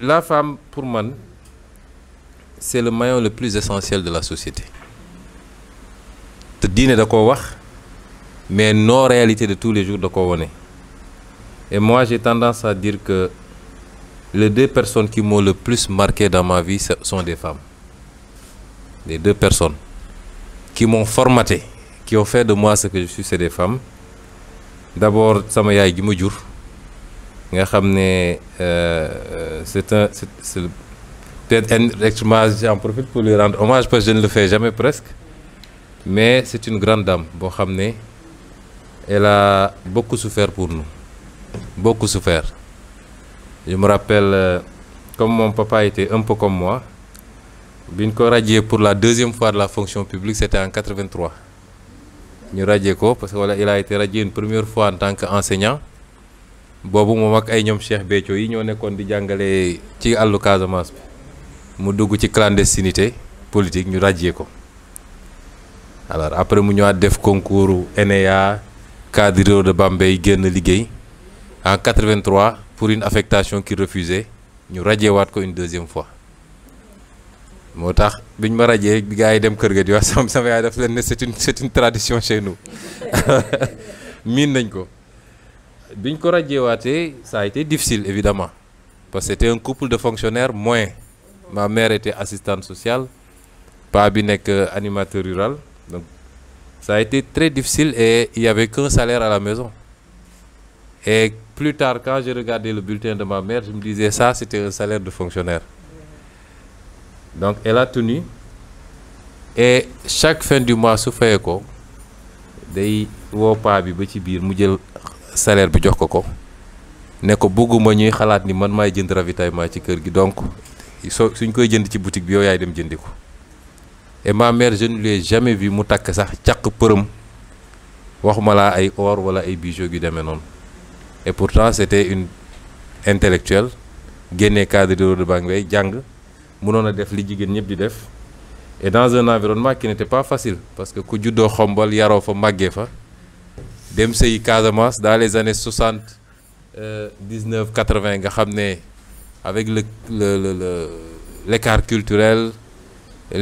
la femme pour man c'est le maillon le plus essentiel de la société te diine da ko wax mais nos réalité de tous les jours da ko wone et moi j'ai tendance à dire que les deux personnes qui moo le plus marqué dans ma vie son des femmes les deux personnes qui m'ont formaté qui ont fait de moi ce que je suis c'est des femmes d'abord sama yaay ji ma jur nga xam ne euh, euh, c'est un c'est peut-être indirectement j'en profite pour lui rendre hommage parce je ne le fais jamais presque mais c'est une grande dame boo xam ne elle a beaucoup souffert pour nous beaucoup souffert je me rappelle euh, comme mon papa était un peu comme moi bi ñu ko radié pour la deuxième fois de la fonction publique c'était en 83 ñu raje ko parce que voilà il a été radié une première fois en tant qu'enseignant boobu moom ak ay ñoom Cheikh Béthio yi ñoo nekkoon di jàngale ci àllu Casamance bi mu dugg ci clandestinité politique ñu rajee ko alors après mu ñëwaat def concours ENEA cadre de Bambey génn liggéey en 83 pour une affectation qui refusait ñu ràjjeewaat ko une deuxième fois moo tax biñ ma ràjjee gars yi dem kër ga di wax sama sama yaay daf leen ne une tradition chez miin nañ ko. biñ ko radiéwaatee ça a été difficile évidemment parce que c'était un couple de fonctionnaire moyens ma mère était assistante sociale pas bi nekk animateur rural donc ça été très difficile et il y avait qu'un salaire à la maison et plus tard quand j'ai regardé le bulletin de ma mère je me disais ça c'était un salaire de fonctionnaire donc elle la tenu et chaque fin du mois su fayee ko day woo paa bi ba ci biir mu jël salaire bi jox ko ko ne ko bëgguma ñuy xalaat ni man maay jënd ravitaillement ci kër gi donc so suñ koy jënd ci boutique bi yow yaay dem jëndi ko et ma mère je ne l'ai jamais vu mu takk sax caq përëm waxuma laa ay or wala ay bijoux yu demee noonu et pourtant c'était une intellectuelle génne cadre de de banque bay jàng mënoon a def li jigéen ñëpp di def et dans un environnement qui n'était pas facile parce que ku juddoo xombal yaroo fa màggee fa. dem sëy Casamance dans les années soixante euh, dix neuf quatre vingt nga xam ne avec le le le le l'écart culturel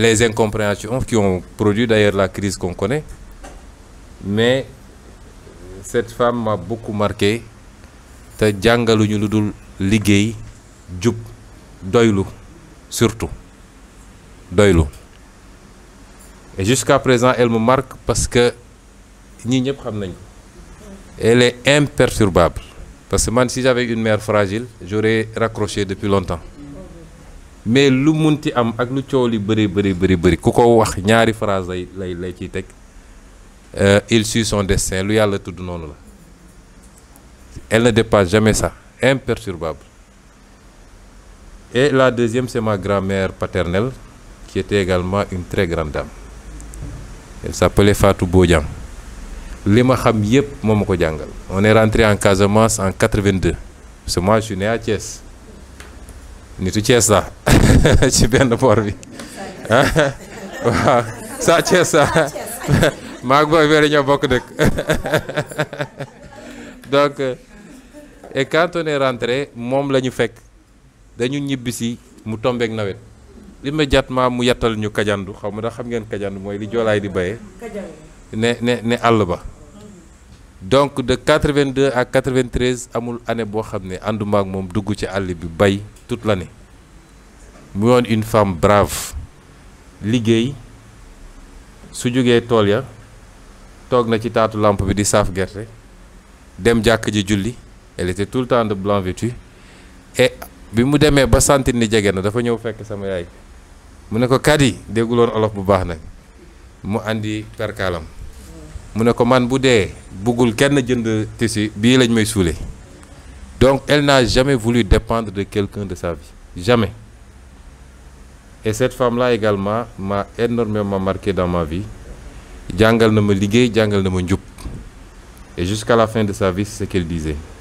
les incompréhensions qui ont produit d'ailleurs la crise kon connaît mais cette femme m'a beaucoup marqué te jàngaluñu lu dul liggéey jub doylu surtout doylu et jusqu'à présent elle mu marque parce que ñii ñëpp xam nañ elle est imperturbable parce que man si j'avais une mère fragile j'aurais raccroché depuis longtemps mais lu munti am ak lu coow li bëri bëri bëri bëri ku ko wax ñaari phrase lay lay lay ciy teg euh, il suit son destin lu yàlla tudd noonu la elle ne dépasse jamais ça imperturbable et la deuxième c'est ma grand-mère paternelle qui était également une très grande dame elle s'appelait Fatou Bodian li ma xam yëpp moom ma ko jàngal on est rentré en Casamance en 82 parce que moi yu ne né à nitu Thiès la ci benn boor bi ah, waaw saa Thiès la maa ngi booy ñoo bokk dëkk donc euh, et quand on est moom la ñu fekk dañu ñibbisi mu tombeek nawet li immédiatement mu yàttal ñu kajandu xaw ma ndax xam ngeen kajandu mooy li joolaay di béyee ne ne àll ba donc de 82 à 93 amul année boo xam ne ànduma ak moom dugg ci àll bi bay la l'année mu yoon une femme brave liggéey su jógee tool ya toog na ci taatu làmp bi di saaf gerte dem jàkk ji julli elle était tout le temps de blanc vêtue et bi mu demee ba sentir ni jege na dafa ñëw fekk sama yaay mu ne ko kat yi dégguloon olof bu baax nag mu indi perkaalam mu ne ko man bu dee buggul kenn jënd tissu bii lañ may suulee donc elle n'a jamais voulu dépendre de quelqu'un de sa vie jamais et cette femme-là également m'a énormément marqué dans ma vie jàngal na ma liggéey jàngal na ma njub et jusqu'à la fin de sa vie ce qu'elle disait